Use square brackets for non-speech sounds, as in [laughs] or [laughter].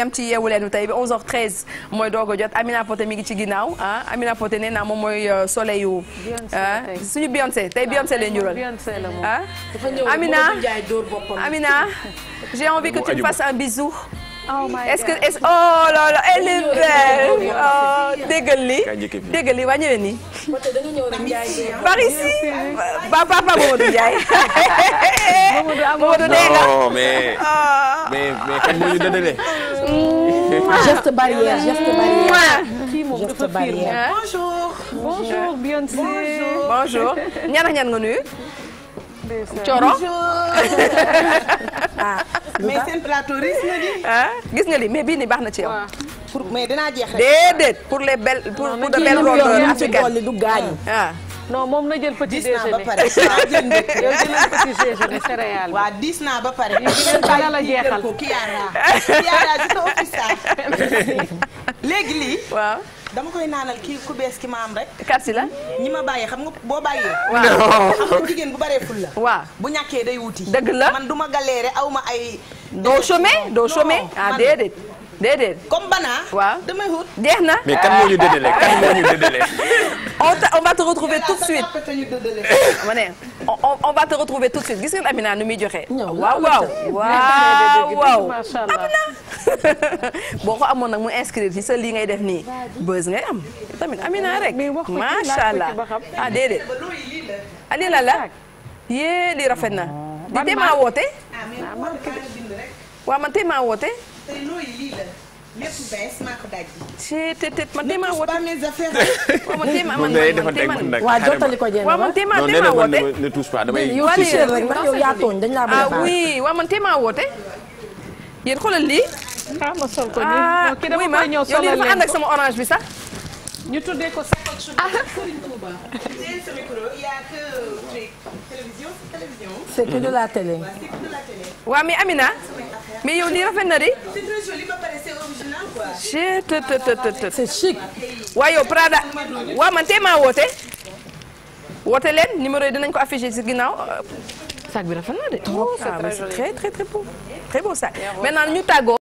yem ci yeewu leen tey bi 11h13 mooy doog a Amina Poté mi ngi ci ginnaaw ah Amina Poté nee naa moom mooy euh, soleil yu. Ah, suñu Beyoncé tey e la ñu jural ah. Amina Amina j'ai envie que tu me fasses un bisou. oh my God est-ce que est oh là li oh, déggal li waa ñëwee nii. par ici ba papa Mamadou Ndiaye. [laughs] Mamadou Mamadou dégg nga. non ah. geste barrière geste barrière. kii moom dafa firnde bonjour. bonjour Beyoncé bonjour. ñan ak ñan nga nuyu. Coro ah. [laughs] ah, gis nga li mais bii ni baax na ci yow. pour mais dinaa jeex rek. déedéet pour les belles pour de belles rondeurs africaines. ah. non moom na jël petit déjeuner ba pare [laughs] yow jëlal petit déjeuner [laughs] céréales waaw diis naa ba pare dina la jeexal ko Kiara Kiara ci [laughs] léegi lii waaw dama koy naanal kii ku bees ki ma am rek. kat la. ñi ma bàyyee xam nga boo bàyyee. waaw xam nga jigéen bu baree ful la. waaw ñàkkee day wuti. dëgg la man du ma galéré aw ay. doo chômer doo chômer ah déedéet. déedéet comme banaa. waaw damay wut. jeex na mais kan moo ñu [laughs] on te on va te tout de suite. [laughs] on va te tout de suite Amina nu muy joxe. waaw waaw waaw waaw Amina. [laughs] boo ko amoon nag mu inscrire ci sa lii ngay def nii bës ngay am tamit Amina rek macha allah ah déedéet. Ali lala ah, yee lii rafet na. di téemaa woote. Ah, ah, waaw man téemaa woote. tey looyu lii la lépp bees man de maa woote ne jotali ko a ba non nee na man ne touche pas damay. rek ndax yow yaa ah man te maa woote. yéen xoolal lii. ah ma sol ko nii ah, kii dama koy ñëw solal sama orange bi sax. ñu tuddee ko ah. la Amina. mais yow nii rafet na di. c'est très joli ba pare c'est original quoi. c'est Prada waaw man tey maa woote. woote leen numéro yi dinañ ko affiché ci ginnaaw. sac bi rafet na de. Oh, trop ah, c'est très très très beau. très beau